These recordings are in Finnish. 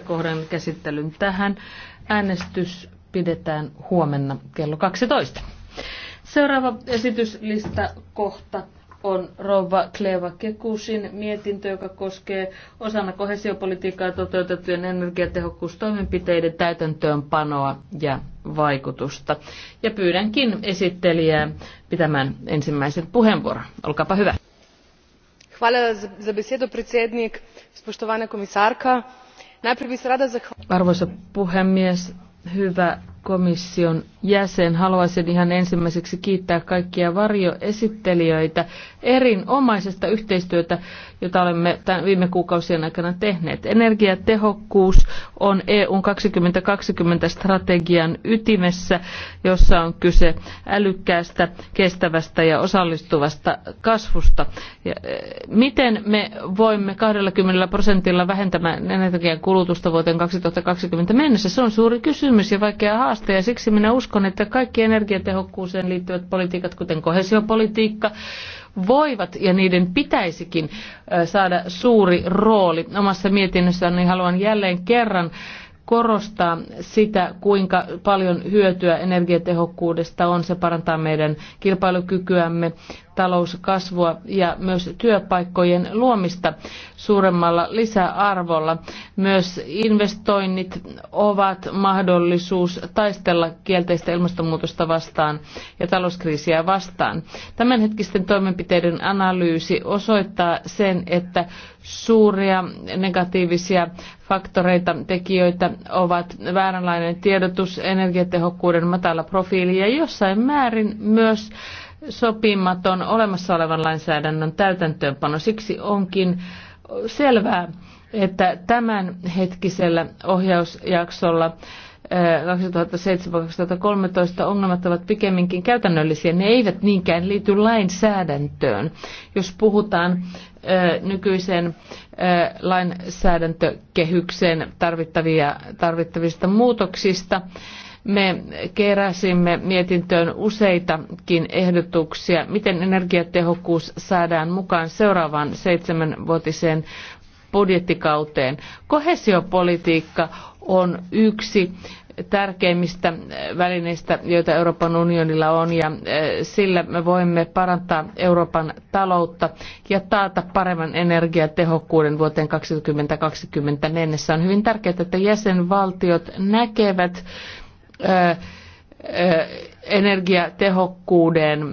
kohdan käsittelyn tähän. Äänestys pidetään huomenna kello 12. Seuraava esityslista kohta on Rova Kleva Kekusin mietintö, joka koskee osana kohesiopolitiikkaa toteutettujen energiatehokkuustoimenpiteiden täytäntöönpanoa ja vaikutusta. Ja pyydänkin esittelijää pitämään ensimmäisen puheenvuoron. Olkaapa hyvä. Hvala za besedo, spoštovana komisarka Arvoisa puhemies, hyvä komission jäsen. Haluaisin ihan ensimmäiseksi kiittää kaikkia varjoesittelijöitä erinomaisesta yhteistyötä, jota olemme tämän viime kuukausien aikana tehneet. Energiatehokkuus on EUn 2020-strategian ytimessä, jossa on kyse älykkäästä, kestävästä ja osallistuvasta kasvusta. E, miten me voimme 20 prosentilla vähentämään energian kulutusta vuoteen 2020 mennessä? Se on suuri kysymys ja vaikea haaste ja Siksi minä uskon, että kaikki energiatehokkuuseen liittyvät politiikat, kuten kohesiopolitiikka, voivat ja niiden pitäisikin saada suuri rooli. Omassa mietinnössäni niin haluan jälleen kerran korostaa sitä, kuinka paljon hyötyä energiatehokkuudesta on. Se parantaa meidän kilpailukykyämme, talouskasvua ja myös työpaikkojen luomista suuremmalla lisäarvolla. Myös investoinnit ovat mahdollisuus taistella kielteistä ilmastonmuutosta vastaan ja talouskriisiä vastaan. Tämänhetkisten toimenpiteiden analyysi osoittaa sen, että suuria negatiivisia faktoreita, tekijöitä ovat vääränlainen tiedotus, energiatehokkuuden matala profiili ja jossain määrin myös sopimaton olemassa olevan lainsäädännön täytäntöönpano. Siksi onkin selvää, että tämän hetkisellä ohjausjaksolla 2007-2013 eh, ongelmat ovat pikemminkin käytännöllisiä, ne eivät niinkään liity lainsäädäntöön. Jos puhutaan eh, nykyisen eh, lainsäädäntökehykseen tarvittavia, tarvittavista muutoksista, me keräsimme mietintöön useitakin ehdotuksia, miten energiatehokkuus saadaan mukaan seuraavaan seitsemänvuotiseen budjettikauteen. Kohesiopolitiikka on yksi tärkeimmistä välineistä, joita Euroopan unionilla on, ja eh, sillä me voimme parantaa Euroopan taloutta ja taata paremman energiatehokkuuden vuoteen 2020 mennessä. On hyvin tärkeää, että jäsenvaltiot näkevät, energiatehokkuuden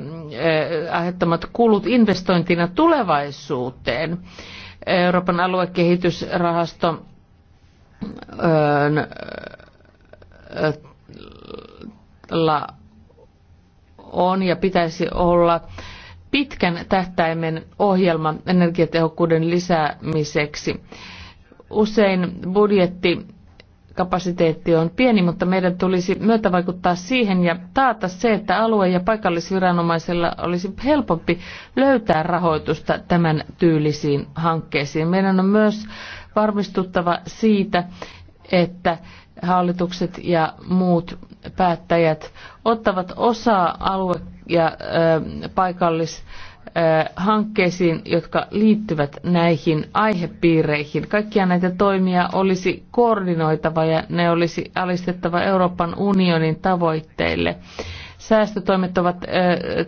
aiheuttamat kulut investointina tulevaisuuteen. Euroopan aluekehitysrahasto on ja pitäisi olla pitkän tähtäimen ohjelma energiatehokkuuden lisäämiseksi. Usein budjetti kapasiteetti on pieni, mutta meidän tulisi myötävaikuttaa siihen ja taata se, että alue- ja paikallisviranomaisella olisi helpompi löytää rahoitusta tämän tyylisiin hankkeisiin. Meidän on myös varmistuttava siitä, että hallitukset ja muut päättäjät ottavat osaa alue- ja ö, paikallis- hankkeisiin, jotka liittyvät näihin aihepiireihin. Kaikkia näitä toimia olisi koordinoitava ja ne olisi alistettava Euroopan unionin tavoitteille. Säästötoimet ovat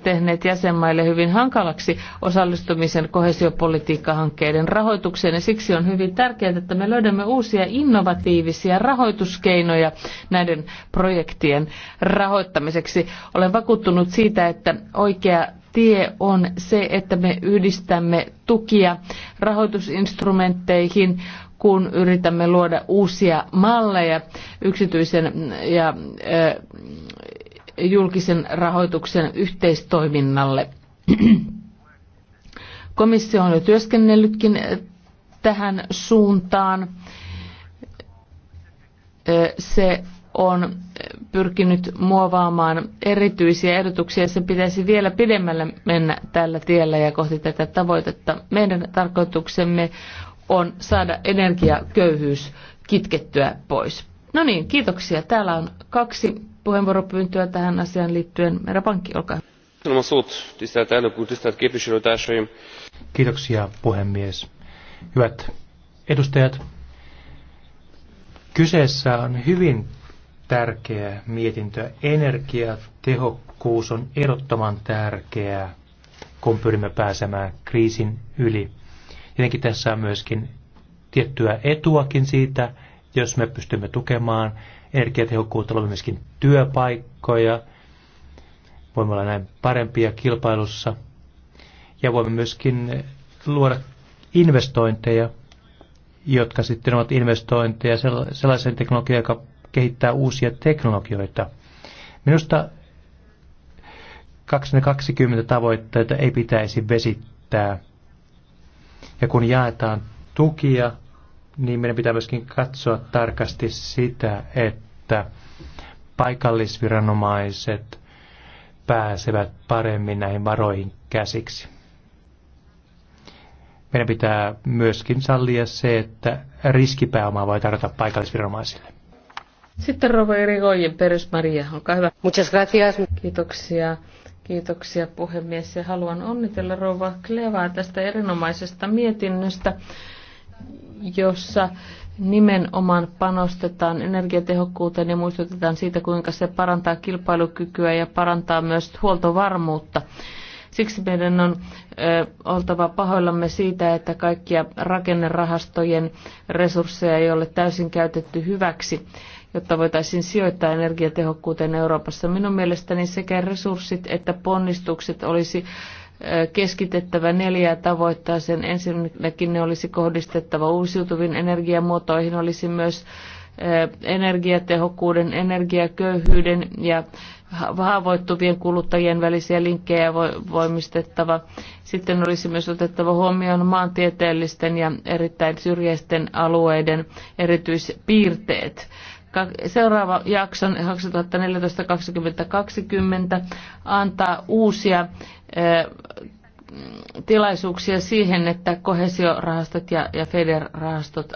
tehneet jäsenmaille hyvin hankalaksi osallistumisen kohesiopolitiikkahankkeiden rahoitukseen ja siksi on hyvin tärkeää, että me löydämme uusia innovatiivisia rahoituskeinoja näiden projektien rahoittamiseksi. Olen vakuuttunut siitä, että oikea tie on se, että me yhdistämme tukia rahoitusinstrumentteihin, kun yritämme luoda uusia malleja yksityisen ja julkisen rahoituksen yhteistoiminnalle. Komissio on jo työskennellytkin tähän suuntaan. Se on pyrkinyt muovaamaan erityisiä ehdotuksia. Sen pitäisi vielä pidemmälle mennä tällä tiellä ja kohti tätä tavoitetta. Meidän tarkoituksemme on saada energiaköyhyys kitkettyä pois. No niin, kiitoksia. Täällä on kaksi puheenvuoropyyntöä tähän asiaan liittyen. Meidän pankki, olkaa hyvä. Kiitoksia puhemies. Hyvät edustajat, kyseessä on hyvin tärkeä mietintö. Energiatehokkuus on erottoman tärkeää, kun pyrimme pääsemään kriisin yli. Tietenkin tässä on myöskin tiettyä etuakin siitä, jos me pystymme tukemaan energiatehokkuutta, olemme myöskin työpaikkoja, voimme olla näin parempia kilpailussa ja voimme myöskin luoda investointeja, jotka sitten ovat investointeja sellaiseen teknologiaan, joka kehittää uusia teknologioita. Minusta 2020 tavoitteita ei pitäisi vesittää. Ja kun jaetaan tukia, niin meidän pitää myöskin katsoa tarkasti sitä, että paikallisviranomaiset pääsevät paremmin näihin varoihin käsiksi. Meidän pitää myöskin sallia se, että riskipääomaa voi tarjota paikallisviranomaisille. Sitten Rova Erigoyen, Perys Maria, olkaa hyvä. Muchas gracias. Kiitoksia. Kiitoksia puhemies ja haluan onnitella Rova Klevaa tästä erinomaisesta mietinnöstä, jossa nimenomaan panostetaan energiatehokkuuteen ja muistutetaan siitä, kuinka se parantaa kilpailukykyä ja parantaa myös huoltovarmuutta. Siksi meidän on ö, oltava pahoillamme siitä, että kaikkia rakennerahastojen resursseja ei ole täysin käytetty hyväksi jotta voitaisiin sijoittaa energiatehokkuuteen Euroopassa. Minun mielestäni sekä resurssit että ponnistukset olisi keskitettävä neljää tavoitteeseen. Ensinnäkin ne olisi kohdistettava uusiutuviin energiamuotoihin, olisi myös energiatehokkuuden, energiaköyhyyden ja haavoittuvien kuluttajien välisiä linkkejä voimistettava. Sitten olisi myös otettava huomioon maantieteellisten ja erittäin syrjäisten alueiden erityispiirteet seuraava jakson 2014-2020 antaa uusia tilaisuuksia siihen, että kohesiorahastot ja, ja FEDER-rahastot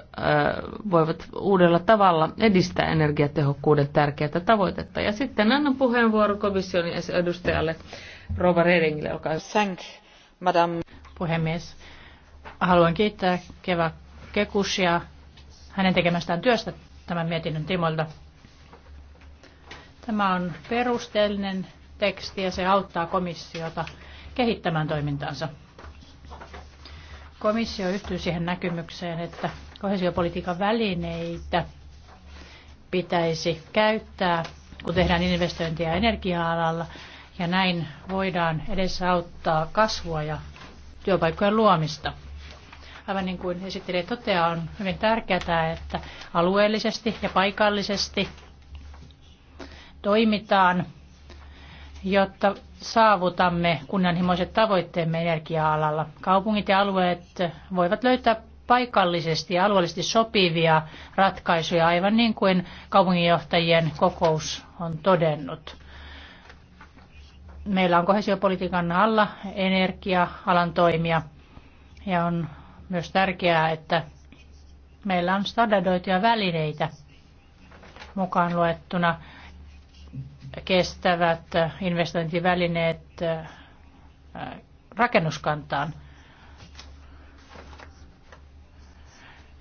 voivat uudella tavalla edistää energiatehokkuuden tärkeää tavoitetta. Ja sitten annan puheenvuoro komission edustajalle Rova Redingille, olkaa Thank, madam. Puhemies, haluan kiittää Keva Kekusia hänen tekemästään työstä tämän mietinnön tiimoilta. Tämä on perusteellinen teksti ja se auttaa komissiota kehittämään toimintaansa. Komissio yhtyy siihen näkymykseen, että kohesiopolitiikan välineitä pitäisi käyttää, kun tehdään investointia energia-alalla, ja näin voidaan edesauttaa kasvua ja työpaikkojen luomista aivan niin kuin esittelijä toteaa, on hyvin tärkeää, että alueellisesti ja paikallisesti toimitaan, jotta saavutamme kunnanhimoiset tavoitteemme energia-alalla. Kaupungit ja alueet voivat löytää paikallisesti ja alueellisesti sopivia ratkaisuja, aivan niin kuin kaupunginjohtajien kokous on todennut. Meillä on kohesiopolitiikan alla energia-alan toimia ja on myös tärkeää, että meillä on standardoituja välineitä mukaan luettuna kestävät investointivälineet äh, rakennuskantaan.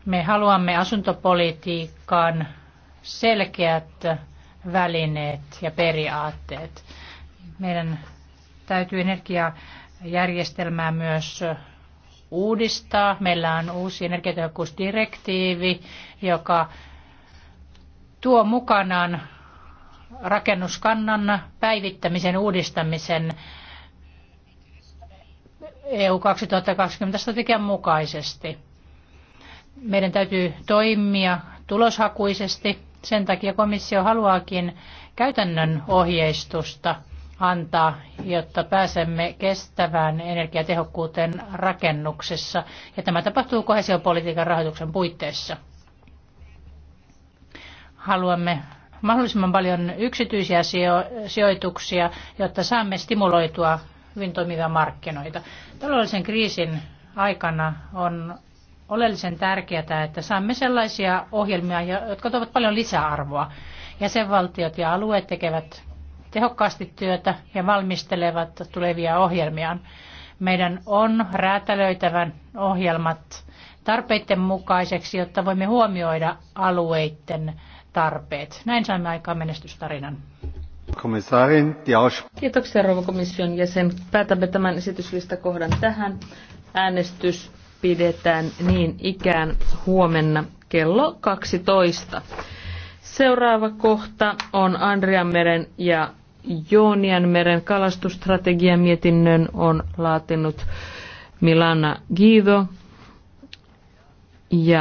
Me haluamme asuntopolitiikkaan selkeät välineet ja periaatteet. Meidän täytyy energiajärjestelmää myös uudistaa. Meillä on uusi energiatehokkuusdirektiivi, joka tuo mukanaan rakennuskannan päivittämisen, uudistamisen EU 2020 strategian mukaisesti. Meidän täytyy toimia tuloshakuisesti. Sen takia komissio haluaakin käytännön ohjeistusta – antaa, jotta pääsemme kestävään energiatehokkuuteen rakennuksessa, Ja tämä tapahtuu kohesiopolitiikan rahoituksen puitteissa. Haluamme mahdollisimman paljon yksityisiä sijoituksia, jotta saamme stimuloitua hyvin toimivia markkinoita. Taloudellisen kriisin aikana on oleellisen tärkeää, että saamme sellaisia ohjelmia, jotka tuovat paljon lisäarvoa. Jäsenvaltiot ja alueet tekevät tehokkaasti työtä ja valmistelevat tulevia ohjelmiaan. Meidän on räätälöitävän ohjelmat tarpeiden mukaiseksi, jotta voimme huomioida alueiden tarpeet. Näin saamme aikaan menestystarinan. Kiitoksia rouva komission jäsen. Päätämme tämän esityslistakohdan tähän. Äänestys pidetään niin ikään huomenna kello 12. Seuraava kohta on Andrian Meren ja meren kalastustrategian mietinnön on laatinut Milana Guido ja